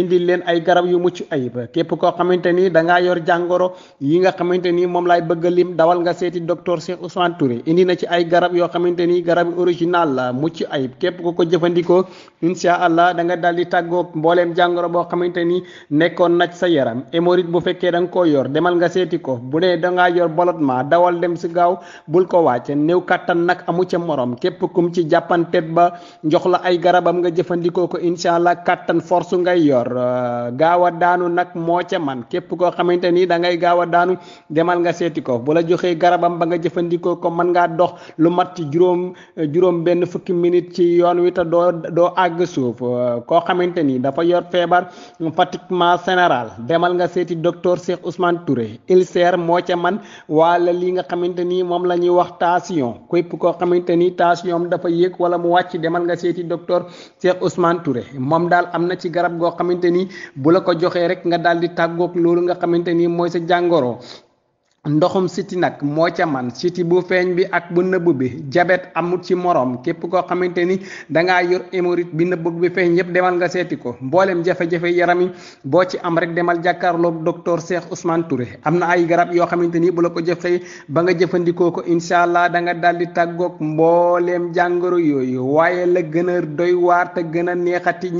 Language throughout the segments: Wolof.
indi len ay garab yu muccu ayib kep ko xamanteni da nga yor jangoro yi nga xamanteni mom lay laay bëgg lim dawal nga seti docteur Cheikh Ousmane Touré indi na ci ay garab yo xamanteni garab original la muccu ayib kep ko ko jëfandikoo insha allah da nga daldi taggo mbollem jangoro bo xamanteni nekkon nacc sa yaram hémorroïde bu fekke dang ko yor demal nga seti ko bu ne da nga yor bolotement dawal dem ci gaaw bul ko wàcce new katan nak amu ci morom kep kum ci tet ba njox la ay garabam nga jëfandikoo ko insha allah katan force ngay yor accord euh, gaaw a daanu nag moo ca man képp koo xamante nii da ngay gaaw a daanu demal nga seeti ko bu la joxee garabam ba nga jëfandikoo ko mën ngaa dox lu mat juróom euh, juróom benn fukki minute ci yoon wi te doo doo àgg suuf euh, koo xamante ni dafa yor feebar pratiquement général demal nga seeti docteur Cheikh Ousmane Touré ulcère moo ca man wala li nga xamante nii moom la ñuy wax tension képp koo xamante ni tension dafa yéeg wala mu wàcc demal nga seeti docteur Cheikh Ousmane xamante ni bu la ko joxee rek nga daal di tàggoog loolu nga xamante ni mooy sa jàngoro ndoxum siti nag moo ca man siti bu feeñ bi ak bu nëbb bi jabet amut ci moroom képp koo xamante ni dangaa yor hémorroïde bi nëbb bi feeñ yépp demal nga seeti ko mbooleem jafe-jafe yaram yi boo ci am rek demal jàkkaarloog docteur Cheikh Ousmane am na ay garab yoo xamante ni bu la ko jëfee ba nga jëfandikoo ko incha allah da nga daal di tàggoog mbooleem jàngoro yooyu waaye la gën a doy waar te gën a neexati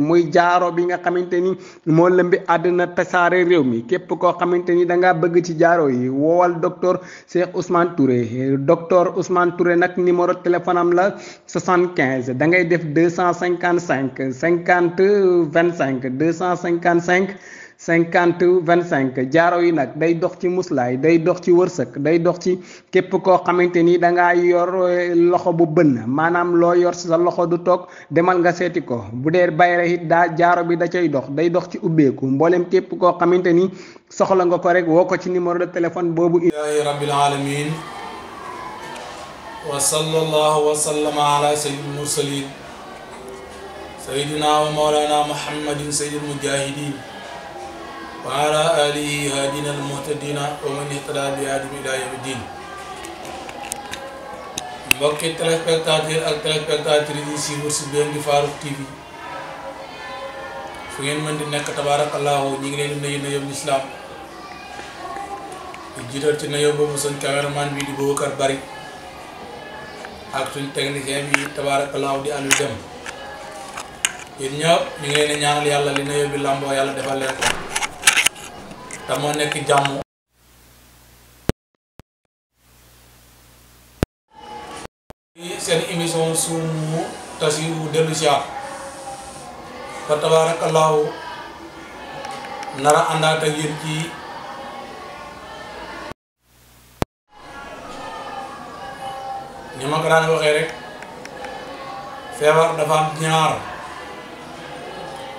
muy jaaro bi nga xamante ni moo lëmbi àddina tasaare réew mi képp koo xamante ni dangaa bëgg ci jaaro yi bi woowal docteur Cheikh Touré docteur Ousmane Touré nag numéro téléphone am la 75 da ngay def deux cent cinquante cinquante cinq cinq vingt deux cent cinquante cinq cinquante vingt cinq jaaro yi nag day dox ci muslaay day dox ci wërsëg day dox ci képp koo xamante ni dangay yor eh, loxo bu bënn maanaam loo yor sa loxo du toog demal nga seeti ko bu dee bayre it daa jaaro bi da cay dox day dox ci ubbeeku mboolem képp koo xamante ni soxla nga ko rek woo ko ci numéro de téléphone boobu. Illaahi rabbil aalamiin wa sallallaahu wa sallama ala sayyidil mursaliin sayyidinaa wa Muhammadin sayyidil mujaahidiin وعلى آله هادين المهتدين ومن اهتدى بهادم إلى يوم الدين mbokki téléspectateur ak téléspectatrice yi suivre si leen di Farokh TV fu ngeen mën di nekk tabaarakallaahu ñu ngi leen di nuyu nuyoo bu jiital ci nuyoo boobu suñ caméraman bi di Boubacar Bari ak suñ technicien bi tabaarakallaahu di Aliou Dem yéen ñëpp ñu ngi leen ñaanal yàlla li nuyoo bi làmboo yàlla defal leen te moo nekk jàmm seen émission suumu tasiru dellu siyaar fa tabaarakallaahu nara àndaat ak ci ñi ma waxee rek feebar dafa am ñaar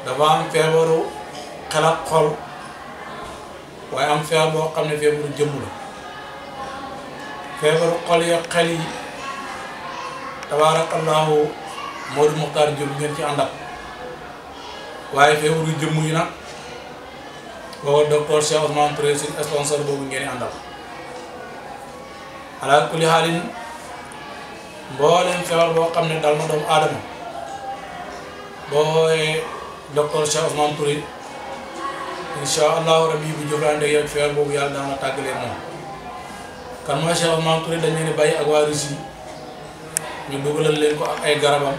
dafa am feebaru xel xol waaye am feebar boo xam ne feebaru jëmm la feebaru xol ya xel yi tabaarakallaahu boobu docteur Cheikh Ousmane Touré boo xam ne daal na doomu aadama boo woowee docteur Cheikh Ousmane incha allahu rabi bu jëflante yow feer boobu yàlla naa la tàggalee moom kan mooy Cheikh Oumar Touré dañ bàyyi ak waa Russie ñu dugalal leen ko ak ay garabam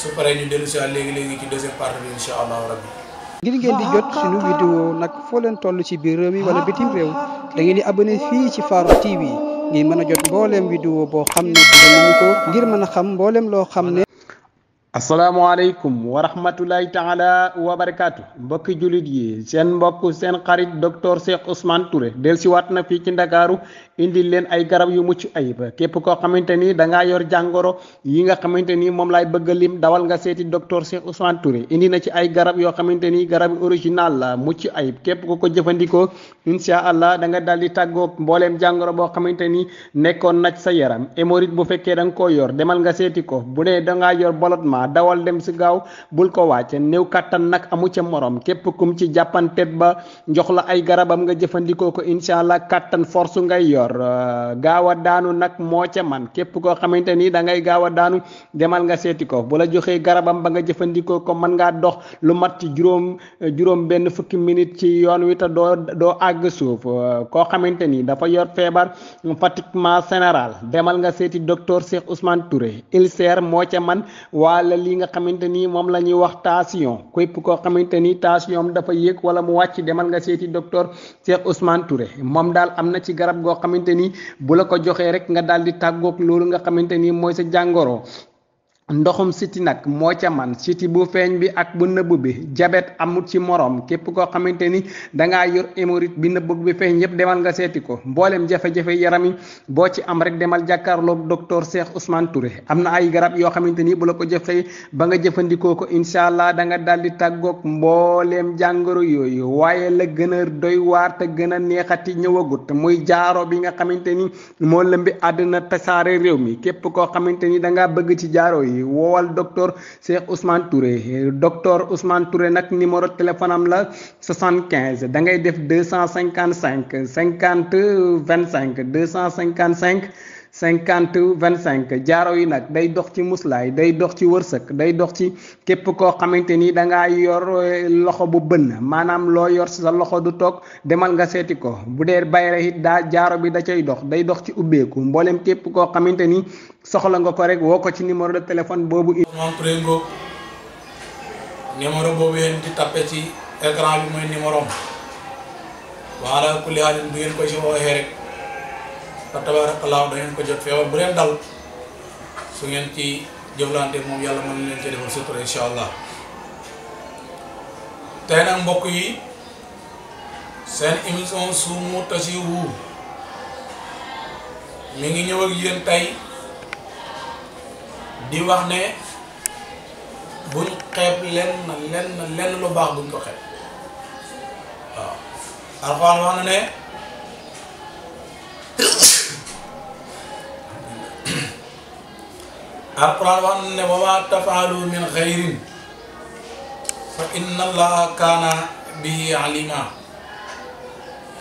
su paree ñu dellu si waat léegi léegi ci deuxième partie bi incha allahu rabi. ngir ngeen di jot suñu vidéo nag foo leen toll ci biir réew mi wala bitim réew da ngeen di abonné fii ci Farokh TV ngir mën a jot mbooleem vidéo boo xam ne ngir mën a xam mbooleem loo xam ne. Assalamualaikum wa rahmatulahi taala wa barakaatu mbokki julit yi seen mbokk seen xarit docteur Cheikh Ousmane Touré dellusiwaat na fii ci ndakaaru indi leen ay garab yu mucc ayib képp koo xamante ni da ngaa yor jàngoro yi nga xamante ni moom laay bëgg lim dawal nga seeti docteur Cheikh Ousmane Touré indi na ci ay garab yoo xamante ni garab original la mucc ayib képp ko ko jëfandikoo insha allah da nga daal di tàggoog mbooleem jàngoro boo xamante ni nekkoon sa yaram hémorroïde bu fekkee da nga yor demal nga seeti ko bu da ngaa yor bolotement ma dawal dem si gaaw bul ko wàcce néew kàttan nag amu ca moroom képp kum ci jàppantet ba njox la ay garabam nga jëfandikoo ko incha allah kàttan force ngay yor euh, gaaw a daanu nag moo ca man képp koo xamante ni da ngay gaaw a daanu demal nga seeti ko bu joxee garabam ba nga jëfandikoo ko mën ngaa dox lu mat ci juróom euh, juróom benn fukki minute ci yoon wi doo doo àgg suuf euh, koo xamante ni dafa yor feebar pratiquement général demal nga seeti docteur Cheikh Ousmane Touré ulcère moo wàll li nga xamante ni moom la ñuy wax tension képp koo xamante ni tension dafa yéeg wala mu wàcc demal nga seeti docteur Cheikh Ousmane Touré moom daal am na ci garab goo xamante ni bu la ko joxee rek nga daal di tàggoog loolu nga xamante ni mooy sa jàngoro ndoxum siti nag moo ca man siti bu feeñ bi ak bu nëbb bi jabet amut ci moroom képp koo xamante ni dangaa yor hémorroïde bi nëbb bi feeñ yépp demal nga seeti ko mbooleem jafe-jafe yaram yi boo ci am rek demal jàkkaarlook docteur Cheikh Ousmane Touré am na ay garab yoo xamante ni bu la ko jëfee ba nga jëfandikoo ko incha allah danga nga daldi tàggoog mbooleem jàngoro yooyu waaye la gën a doy waar te gën a neexati ñëwagut muy jaaro bi nga xamante ni moo lëmbi àddina tasaare réew mi képp koo xamante ni dangaa bëgg ci jaaro yi yi woowal docteur Cheikh Touré docteur Ousmane Touré nag numéro téléphone am la 75 da ngay def deux cinquante cinquante cinq cinq deux cent cinquante cinq cinquante vingt cinq jaaro yi nag day dox ci muslaay day dox ci wërsëg day dox ci képp koo xamante ni da yor eh, loxo bu bënn maanaam loo yor sa loxo du toog demal nga seeti ko bu dee bayre it daa jaaro bi da cay dox day dox ci ubbeeku mboolem képp koo xamante ni soxla nga ko rek woo ko ci numéro de téléphone boobu. numéro boobu yéen di tappe ci écran bi mooy numéro am wala ku bu ngeen ko ci waxee fa tabaarakallaahu da ngeen ko jot feebar bu leen dal su ngeen ci jëflante moom yàlla mën leen ci defal sutura incha allah tey nag mbokk yi seen émission Soumou Tassourou mi ngi ñëw ak yéen tey di wax ne buñ xeeb lenn lenn lu baax buñ ko xeeb waaw alxuraan wax na ne alquran wax na ne wa ma min xayrin fa inna allaha kaana bihi alima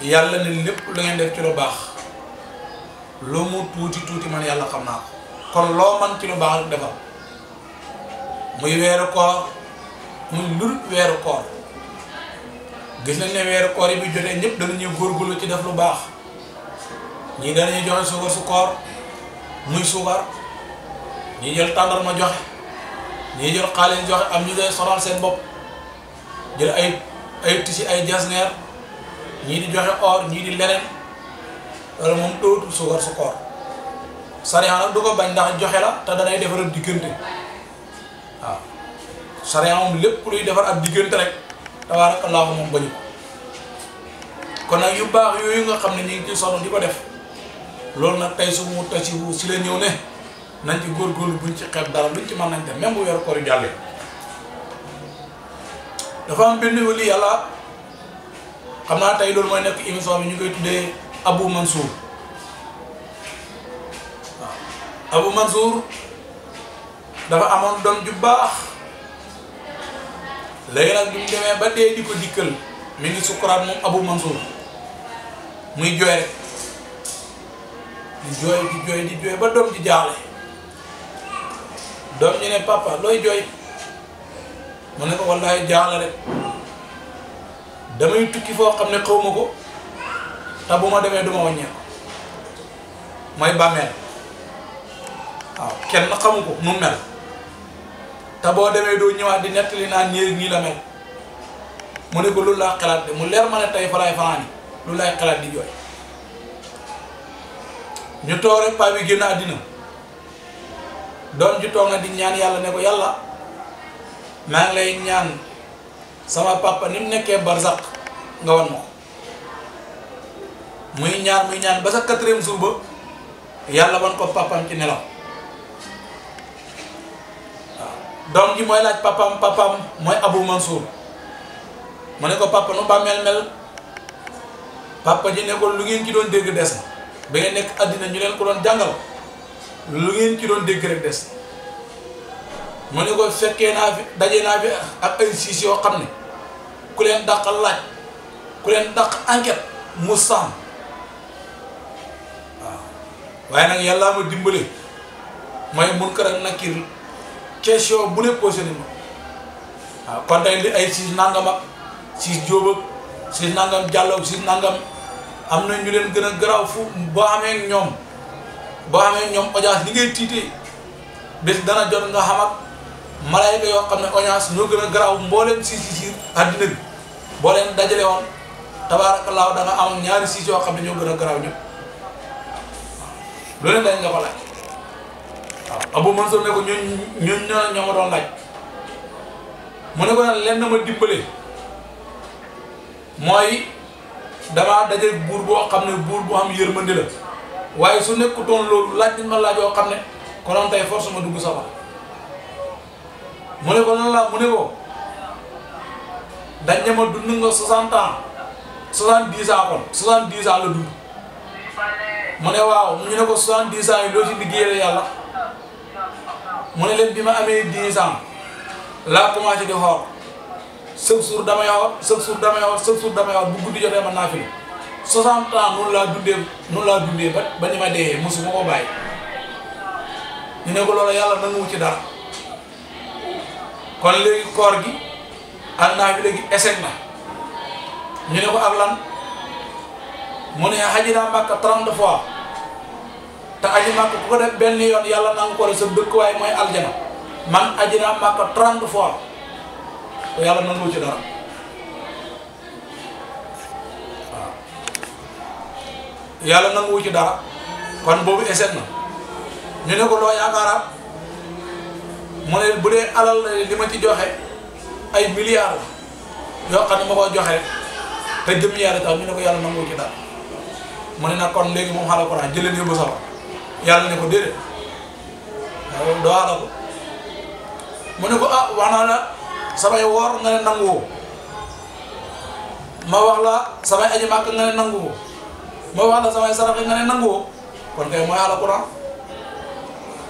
yàlla ne lépp dengan ngeen def ci lu baax lu mu tuuti tuuti man yàlla xam naa ko man ci lu baax rek defal muy weeru koor muy lurut weeru koor gis nañ ne weeru koor yi bi jotee ñëpp danañuy góorgóorlu ci def lu baax ñii danañuy joxe suukar su koor ñii jël tàndar ma joxe ñii jël xaalis joxe am ñu day soral seen bopp jël ay ay tisi ay jasneer ñii di joxe or ñii di leneen loolu moom dootul war su koor sariya nag du ko bañ ndax joxe la te danay defaral diggante waaw sariya moom lépp luy defar ak diggante rek allah moom bañu kon nag yu baax yooyu nga xam ne ngi ci sonn di ko def loolu nag tey su mu tasiwu si la ñëw ne nañ ci góor góorgóorlu buñ ci xeeb dara luñ ci mën nañ def même bu yor koor yu jàllee dafa am benn wali yàlla xam naa tey loolu mooy nekk émission bi ñu koy tuddee Abou Mansour waaw Abou Mansour dafa amoon doom ju baax léegi nag bi mu demee ba dee di ko dikkal mi ngi sukkuraat moom Abou Mansour muy jooy di jooy di jooy di jooy ba doom ji jaaxle doom ñu ne papa looy jooy mu ne ko wallaahi jaaxle damay tukki foo xam ne xaw ma ko te bu ma demee du ma wàññeeku mooy bàmmeel waaw kenn xamu ko nu mel te boo demee doo ñëwaat di nettali naan ñeeg ñii la mel mu ne ko lu laa xalaat de mu leer ma ne tey faraay fanaani lu laay xalaat di jooy ñu toog rek paa bi génn àddina. don ju tonga di ñaan yalla ne ko yalla ma lay ñaan sama papa nim nekké barzak nga won ma muy ñaan muy ñaan ba sa 4e jour ba yalla wan ko papa ci nelaw don ji mooy laaj papa moy abu mansour mané ko papa no ba mel papa ji ne ko lu ngeen ci doon dégg dess na ba ngeen nek adina ñu leen ko doon jangal lu ngeen ci doon dégg rek des mu ne ko fekkee naa fi daje naa fi ak ay siis yoo xam ne ku leen dàq laaj ku leen daq enquête mu sàmm waaw waaye nag yàllaa ma dimbale mooy Munkar ak Nakiir question bu ne posé ni ma waaw kon tey ay siis nangam ak siis jóob ak siis nangam jàll siis nangam am na ñu leen gën a garaaw fu boo amee ñoom boo xamee ñoom audience li ngay tiitee bés dana jot nga xam ak malayka yoo xam ne audience ñoo gën a garaaw mbooleem siis si ci àddina bi boo leen dajale woon tabaarakallaahu da nga am ñaari siis yoo xam ne ñoo gën a garaaw ñëpp loolu dañ nga ko laaj waaw Abu Mansour ne ko ñun ñun ñoo ñoo ma doon mu ne ko nag lenn ma dimbale mooy damaa daje buur boo xam ne buur boo xam yërmande la waaye su nekkutoon loolu laaj bi ma laajoo xam ne konoon tey force ma dugg safara mu ne ko lan laa mu ne ko dañ ne ma dund nga 60 ans 70 ans kon 70 ans la dund mu ne waaw ñu ne ko 70 ans yi si ci liggéeyal yàlla mu ne leen bi ma amee 10 ans laa commencé di xool chaque jour damay xool chaque jour damay xool chaque jour damay xool bu naa fi. 60 ans noonu laa dundee noonu laa dundee ba ba ma dee musu ko bàyyi ñu ne ko loolu yàlla nanguwu ci dara kon léegi koor gi ak naa bi léegi eseg na ñu ne ko ak lan mu ne xaji naa Makka 30 fois te aji Makka ko def yoon ko sa aljana man aji naa Makka 30 fois te ci dara yàlla nanguwu ci dara kon boobu échec na ñu ne ko loo yaakaaraat mu ne bu dee alal li ma ci joxe ay milliards la yoo xam ne ma ko joxe te jëm yàlla tax ñu ne ko yàlla nanguwu ci dara mu ne nag kon léegi moom xaaral ko daal jëlee yóbbu sawar yàlla ne ko déedéet doo xaaral mu ne ko ah wax naa la samay woor nga ne nanguwoo ma wax la samay aji màkk nga ne nanguwoo. ma wala sama samay sarax nga ne nangoo kon kay mooy quran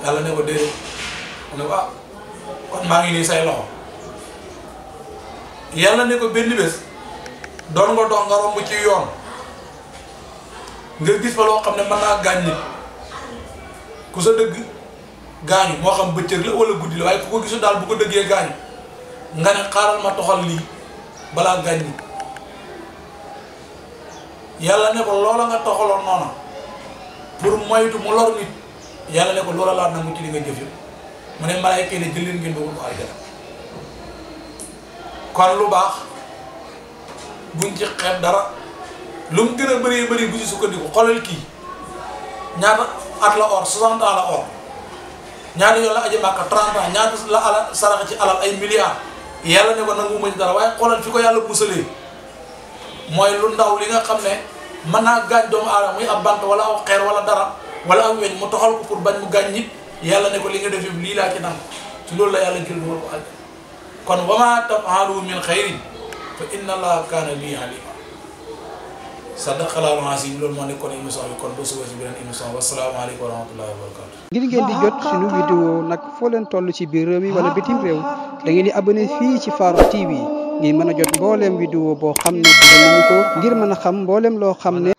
yalla ne ko de ne ko kon ma ngi ni say loxo yalla ne ko benn bes don nga don nga romb ci yoon nga gis fa lo xamne man na gañ nit ku sa deug gañ mo xam bëccëg la wala guddi way ku ko gisu dal bu ko deugé ya, gañ nga ne xaaral ma toxal li bala gañ nit yalla ne ko loola nga toxaloon noona pour moytu mu lor nit yalla ne ko loola laa nangu ci li nga jëf mu ne mbaay ke ne jël leen ngeen dugal ko aljana kon lu bax buñ ci xeeb dara lu mu gëna a bëri bu ci sukkandiku xolal ki ñaata at la or 60 ans la or ñaata yoon la aji makka 30 ans ñaata la ala sarax ci alal ay milliards yalla ne ko nangu ma ci dara way xolal fi ko yalla musalee mooy lu ndaw li nga xam ne mën naa gaañ doomu aadama muy ab bant wala aw xeer wala dara wala aw weñ mu toxal ko pour bañ mu gaañ nit yàlla ne ko li nga def lii laa ci nangu ci loolu la yàlla jël wal ko kon wa maa tafaalu min xayrin fa inna allaha kaana bihi alima sadaqallaahu l-aziim loolu moo nekkoon émission bi kon ba suba ci beneen émission wasalaamaaleykum wa rahmatullahi wa barakaatu ngir ngeen di jot suñu vidéo nag foo leen toll ci biir réew mi wala bitim réew da ngeen di abonné fii ci Farokh TV ni mën a jot mbooleem vidéo boo xam ne dinañ ko ngir mën xam mbooleem loo xam ne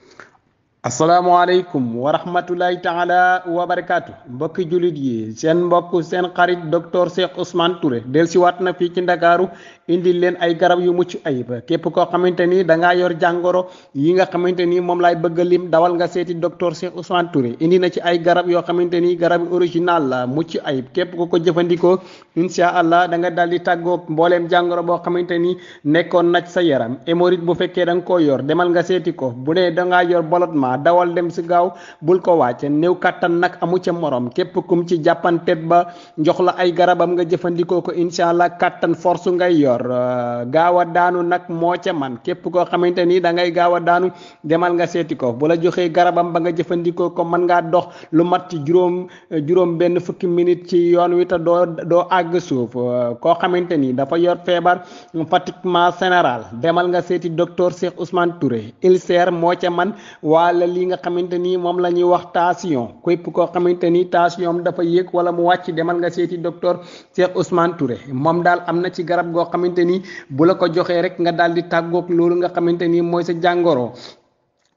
asalaamaaleykum wa rahmatulahi taala wa barakaatu mbokki julit yi seen mbokk seen xarit docteur Cheikh Ousmane Touré dellusiwaat na fii ci ndakaaru indil leen ay garab yu mucc ayib képp koo xamante ni da ngaa yor jàngoro yi nga xamante ni moom bëgg lim dawal nga seeti docteur Cheikh Ousmane Touré indi na ci ay garab yoo xamante ni garab original la mucc ayib képp ko ko jëfandikoo insha allah da nga dal di tàggoog mbooleem jàngoro boo xamante ni nekkoon na sa yaram hémorroïde bu fekkee da nga koo yor demal nga seeti ko bu dee da ngaa yor bolotement dawal dem si gaaw bul ko wàcce néew kàttan nag amu ca morom képp kum ci jàppantet ba jox la ay garabam nga jëfandikoo ko insha allah kàttan force ngay yor d'accord uh, gaaw a daanu nag moo ca man képp koo xamante ni da ngay gaaw a daanu demal nga seeti ko bu la joxee garabam ba nga jëfandikoo ko mën ngaa dox lu mat juróom uh, juróom benn fukki minute ci yoon wi te doo doo àgg suuf uh, koo xamante ni dafa yor feebar pratiquement général demal nga seeti docteur Cheikh Ousmane Touré ulcère moo ca man wala li nga xamante ni moom la ñuy wax tension képp koo xamante ni tension dafa yéeg wala mu wàcc demal nga seeti docteur Cheikh Ousmane xamante ni bu la ko joxee rek nga daal di tàggoog loolu nga xamante ni mooy sa jàngoro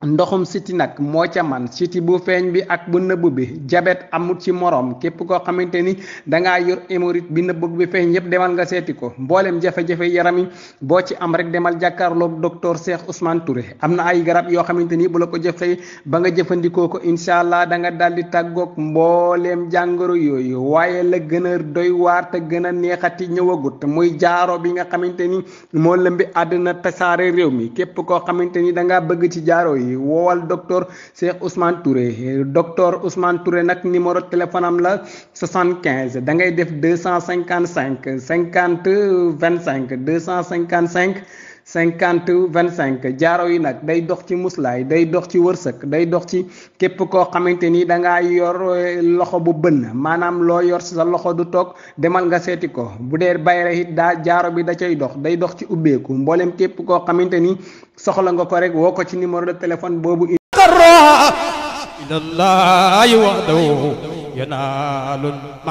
ndoxum siti nag moo ca man siti bu feeñ bi ak bu nëbb bi jabet amut ci moroom képp koo xamante ni dangaa yor hémorroïde bi nëbb bi feeñ yépp demal nga seeti ko mbooleem jafe-jafe yaram yi boo ci am rek demal jàkkaarlook docteur Cheikh Ousmane Touré am na ay garab yoo xamante ni bu la ko jëfee ba nga jëfandikoo ko incha allah da nga daldi tàggoog mbooleem jàngoro yooyu waaye la gën a doy waar te gën a neexati ñëwagut muy jaaro bi nga xamante ni moo lëmbi àddina tasaare réew mi képp koo xamante ni dangaa bëgg ci jaaro yi yi woowal docteur Cheikh Touré docteur Ousmane Touré nag numéro téléphonam am la 75 da ngay def deux cinquante cinquante cinq cinq deux cent cinquante cinq cinquante vingt cinq jaaro yi nag day dox ci muslaay day dox ci wërsëg day dox ci képp koo xamante ni da ngaa yor eh, loxo bu bënn maanaam loo yor sa loxo du toog demal nga seeti ko bu dee bayre it daa jaaro bi da cay dox day dox ci ubbeeku mboolem képp koo xamante ni soxla nga ko rek woo ko ci numéro de téléphone boobu ilallahi wahdahu yanaalul